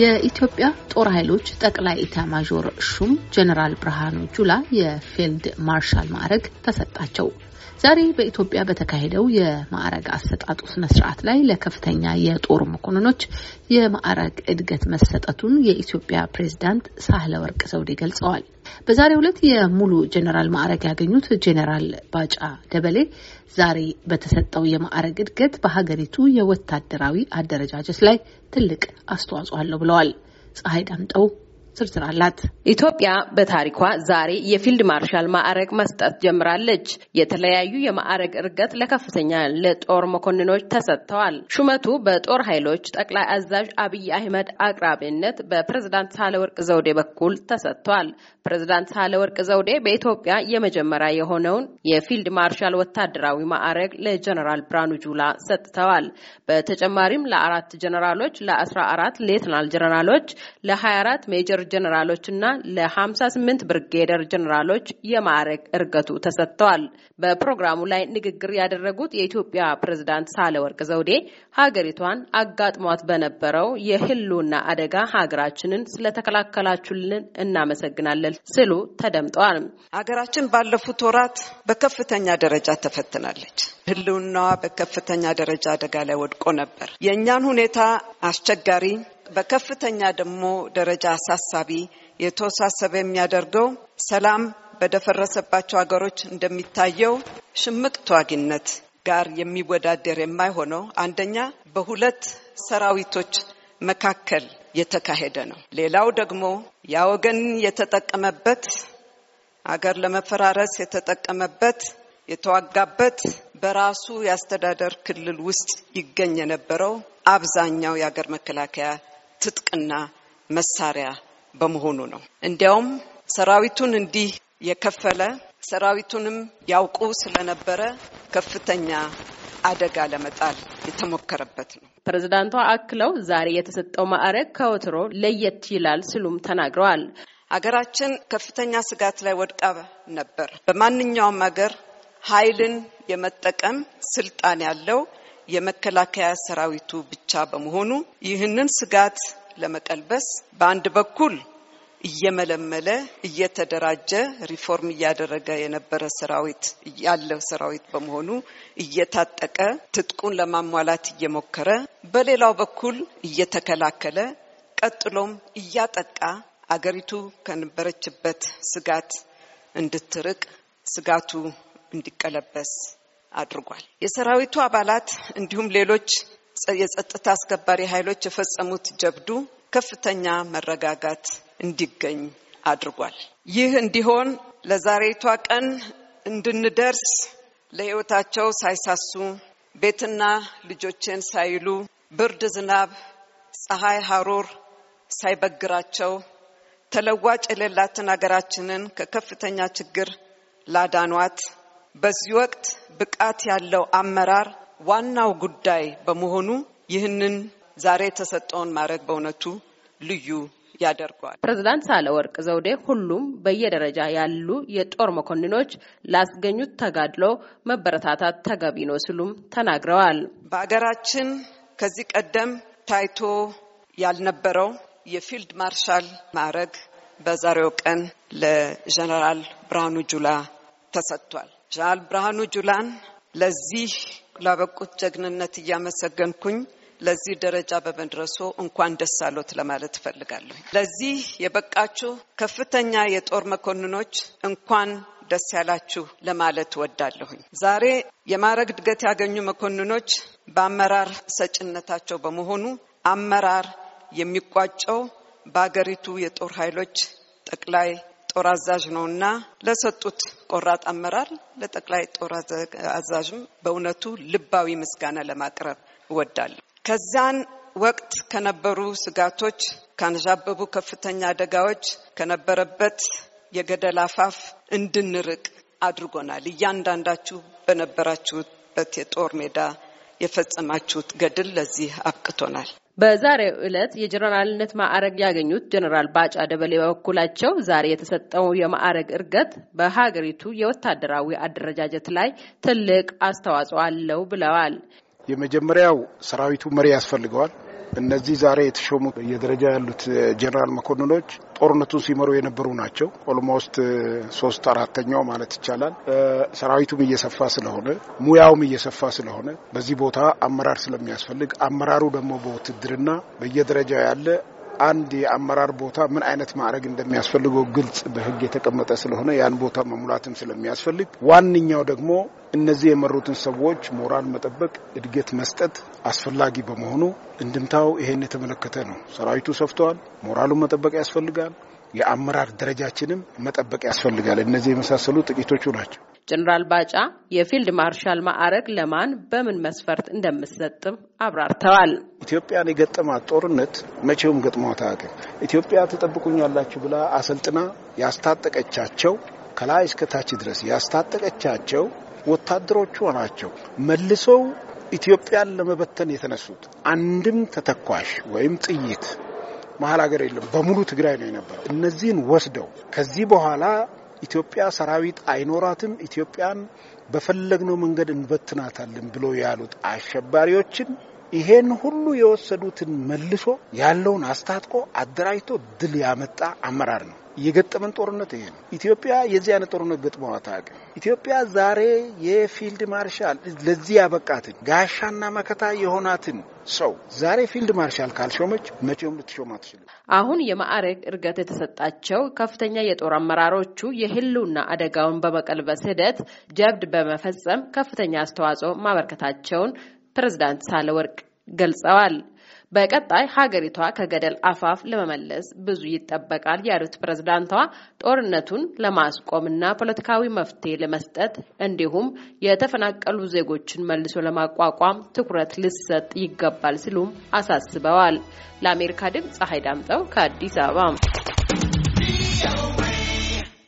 የኢትዮጵያ ጦር ኃይሎች ጠቅላይ ኢታማዦር ሹም ጀኔራል ብርሃኑ ጁላ የፊልድ ማርሻል ማዕረግ ተሰጣቸው። ዛሬ በኢትዮጵያ በተካሄደው የማዕረግ አሰጣጡ ስነ ስርዓት ላይ ለከፍተኛ የጦር መኮንኖች የማዕረግ እድገት መሰጠቱን የኢትዮጵያ ፕሬዝዳንት ሳህለ ወርቅ ዘውዴ ገልጸዋል። በዛሬ ሁለት የሙሉ ጀኔራል ማዕረግ ያገኙት ጄኔራል ባጫ ደበሌ ዛሬ በተሰጠው የማዕረግ እድገት በሀገሪቱ የወታደራዊ አደረጃጀት ላይ ትልቅ አስተዋጽኦ አለው ብለዋል። ፀሐይ ዳምጠው ዝርዝር አላት። ኢትዮጵያ በታሪኳ ዛሬ የፊልድ ማርሻል ማዕረግ መስጠት ጀምራለች። የተለያዩ የማዕረግ እርገት ለከፍተኛ ለጦር መኮንኖች ተሰጥተዋል። ሹመቱ በጦር ኃይሎች ጠቅላይ አዛዥ አብይ አህመድ አቅራቢነት በፕሬዝዳንት ሳህለወርቅ ዘውዴ በኩል ተሰጥቷል። ፕሬዝዳንት ሳህለወርቅ ዘውዴ በኢትዮጵያ የመጀመሪያ የሆነውን የፊልድ ማርሻል ወታደራዊ ማዕረግ ለጀነራል ብርሃኑ ጁላ ሰጥተዋል። በተጨማሪም ለአራት ጀነራሎች፣ ለአስራ አራት ሌትናል ጀነራሎች፣ ለሀያ አራት ሜጀር ብርጌደር ጀኔራሎች እና ለ58 ብርጌደር ጀኔራሎች የማዕረግ እርገቱ ተሰጥተዋል። በፕሮግራሙ ላይ ንግግር ያደረጉት የኢትዮጵያ ፕሬዝዳንት ሳህለወርቅ ዘውዴ ሀገሪቷን አጋጥሟት በነበረው የህልውና አደጋ ሀገራችንን ስለተከላከላችሁልን እናመሰግናለን ስሉ ተደምጠዋል። ሀገራችን ባለፉት ወራት በከፍተኛ ደረጃ ተፈትናለች። ህልውናዋ በከፍተኛ ደረጃ አደጋ ላይ ወድቆ ነበር። የእኛን ሁኔታ አስቸጋሪ በከፍተኛ ደግሞ ደረጃ አሳሳቢ የተወሳሰበ የሚያደርገው ሰላም በደፈረሰባቸው ሀገሮች እንደሚታየው ሽምቅ ተዋጊነት ጋር የሚወዳደር የማይሆነው አንደኛ በሁለት ሰራዊቶች መካከል የተካሄደ ነው። ሌላው ደግሞ ያ ወገን የተጠቀመበት አገር ለመፈራረስ የተጠቀመበት የተዋጋበት በራሱ የአስተዳደር ክልል ውስጥ ይገኝ የነበረው አብዛኛው የአገር መከላከያ ትጥቅና መሳሪያ በመሆኑ ነው። እንዲያውም ሰራዊቱን እንዲህ የከፈለ ሰራዊቱንም ያውቁ ስለነበረ ከፍተኛ አደጋ ለመጣል የተሞከረበት ነው። ፕሬዝዳንቷ አክለው ዛሬ የተሰጠው ማዕረግ ከወትሮ ለየት ይላል ሲሉም ተናግረዋል። አገራችን ከፍተኛ ስጋት ላይ ወድቃ ነበር። በማንኛውም አገር ኃይልን የመጠቀም ስልጣን ያለው የመከላከያ ሰራዊቱ ብቻ በመሆኑ ይህንን ስጋት ለመቀልበስ በአንድ በኩል እየመለመለ እየተደራጀ ሪፎርም እያደረገ የነበረ ሰራዊት ያለ ሰራዊት በመሆኑ እየታጠቀ ትጥቁን ለማሟላት እየሞከረ፣ በሌላው በኩል እየተከላከለ ቀጥሎም እያጠቃ አገሪቱ ከነበረችበት ስጋት እንድትርቅ ስጋቱ እንዲቀለበስ አድርጓል። የሰራዊቱ አባላት እንዲሁም ሌሎች የጸጥታ አስከባሪ ኃይሎች የፈጸሙት ጀብዱ ከፍተኛ መረጋጋት እንዲገኝ አድርጓል። ይህ እንዲሆን ለዛሬቷ ቀን እንድንደርስ ለሕይወታቸው ሳይሳሱ ቤትና ልጆቼን ሳይሉ ብርድ፣ ዝናብ፣ ፀሐይ፣ ሐሩር ሳይበግራቸው ተለዋጭ የሌላትን አገራችንን ከከፍተኛ ችግር ላዳኗት በዚህ ወቅት ብቃት ያለው አመራር ዋናው ጉዳይ በመሆኑ ይህንን ዛሬ የተሰጠውን ማድረግ በእውነቱ ልዩ ያደርገዋል። ፕሬዝዳንት ሳህለወርቅ ዘውዴ ሁሉም በየደረጃ ያሉ የጦር መኮንኖች ላስገኙት ተጋድሎ መበረታታት ተገቢ ነው ሲሉም ተናግረዋል። በሀገራችን ከዚህ ቀደም ታይቶ ያልነበረው የፊልድ ማርሻል ማዕረግ በዛሬው ቀን ለጀነራል ብርሃኑ ጁላ ተሰጥቷል። ጀነራል ብርሃኑ ጁላን ለዚህ ላበቁት ጀግንነት እያመሰገንኩኝ ለዚህ ደረጃ በመድረሶ እንኳን ደስ አሎት ለማለት እፈልጋለሁ። ለዚህ የበቃችሁ ከፍተኛ የጦር መኮንኖች እንኳን ደስ ያላችሁ ለማለት ወዳለሁኝ። ዛሬ የማዕረግ እድገት ያገኙ መኮንኖች በአመራር ሰጭነታቸው በመሆኑ አመራር የሚቋጨው በአገሪቱ የጦር ኃይሎች ጠቅላይ ጦር አዛዥ ነው እና ለሰጡት ቆራጥ አመራር ለጠቅላይ ጦር አዛዥም በእውነቱ ልባዊ ምስጋና ለማቅረብ እወዳለሁ። ከዛን ወቅት ከነበሩ ስጋቶች፣ ካንዣበቡ ከፍተኛ አደጋዎች፣ ከነበረበት የገደል አፋፍ እንድንርቅ አድርጎናል። እያንዳንዳችሁ በነበራችሁበት የጦር ሜዳ የፈጸማችሁት ገድል ለዚህ አብቅቶናል። በዛሬው ዕለት የጀነራልነት ማዕረግ ያገኙት ጀነራል ባጫ ደበሌ በበኩላቸው ዛሬ የተሰጠው የማዕረግ እርገት በሀገሪቱ የወታደራዊ አደረጃጀት ላይ ትልቅ አስተዋጽኦ አለው ብለዋል። የመጀመሪያው ሰራዊቱ መሪ ያስፈልገዋል። እነዚህ ዛሬ የተሾሙ የደረጃ ያሉት ጀኔራል መኮንኖች ጦርነቱን ሲመሩ የነበሩ ናቸው። ኦልሞስት ሶስት አራተኛው ማለት ይቻላል። ሰራዊቱም እየሰፋ ስለሆነ ሙያውም እየሰፋ ስለሆነ በዚህ ቦታ አመራር ስለሚያስፈልግ አመራሩ ደግሞ በውትድርና በየደረጃ ያለ አንድ የአመራር ቦታ ምን አይነት ማዕረግ እንደሚያስፈልገው ግልጽ በህግ የተቀመጠ ስለሆነ ያን ቦታ መሙላትም ስለሚያስፈልግ ዋነኛው ደግሞ እነዚህ የመሩትን ሰዎች ሞራል መጠበቅ፣ እድገት መስጠት አስፈላጊ በመሆኑ እንድምታው ይሄን የተመለከተ ነው። ሰራዊቱ ሰፍተዋል። ሞራሉን መጠበቅ ያስፈልጋል። የአመራር ደረጃችንም መጠበቅ ያስፈልጋል። እነዚህ የመሳሰሉ ጥቂቶቹ ናቸው። ጀኔራል ባጫ የፊልድ ማርሻል ማዕረግ ለማን በምን መስፈርት እንደምሰጥም አብራርተዋል። ኢትዮጵያን የገጠማት ጦርነት መቼውም ገጥሟት አያውቅም። ኢትዮጵያ ትጠብቁኛላችሁ ብላ አሰልጥና ያስታጠቀቻቸው ከላይ እስከታች ድረስ ያስታጠቀቻቸው ወታደሮቹ ናቸው። መልሰው ኢትዮጵያን ለመበተን የተነሱት አንድም ተተኳሽ ወይም ጥይት መሀል ሀገር የለም፣ በሙሉ ትግራይ ነው የነበረው። እነዚህን ወስደው ከዚህ በኋላ ኢትዮጵያ ሰራዊት አይኖራትም፣ ኢትዮጵያን በፈለግነው መንገድ እንበትናታለን ብሎ ያሉት አሸባሪዎችን ይሄን ሁሉ የወሰዱትን መልሶ ያለውን አስታጥቆ አደራጅቶ ድል ያመጣ አመራር ነው። የገጠመን ጦርነት ይሄ ነው። ኢትዮጵያ የዚህ አይነት ጦርነት ገጥመው አታውቅም። ኢትዮጵያ ዛሬ የፊልድ ማርሻል ለዚህ ያበቃትን ጋሻና መከታ የሆናትን ሰው ዛሬ ፊልድ ማርሻል ካልሾመች መቼውም ልትሾም አትችልም። አሁን የማዕረግ እርገት የተሰጣቸው ከፍተኛ የጦር አመራሮቹ የህልውና አደጋውን በመቀልበስ ሂደት ጀብድ በመፈጸም ከፍተኛ አስተዋጽኦ ማበርከታቸውን ፕሬዝዳንት ሳለወርቅ ገልጸዋል። በቀጣይ ሀገሪቷ ከገደል አፋፍ ለመመለስ ብዙ ይጠበቃል ያሉት ፕሬዝዳንቷ ጦርነቱን ለማስቆምና ፖለቲካዊ መፍትሄ ለመስጠት እንዲሁም የተፈናቀሉ ዜጎችን መልሶ ለማቋቋም ትኩረት ሊሰጥ ይገባል ሲሉም አሳስበዋል። ለአሜሪካ ድምፅ ፀሐይ ዳምጠው ከአዲስ አበባ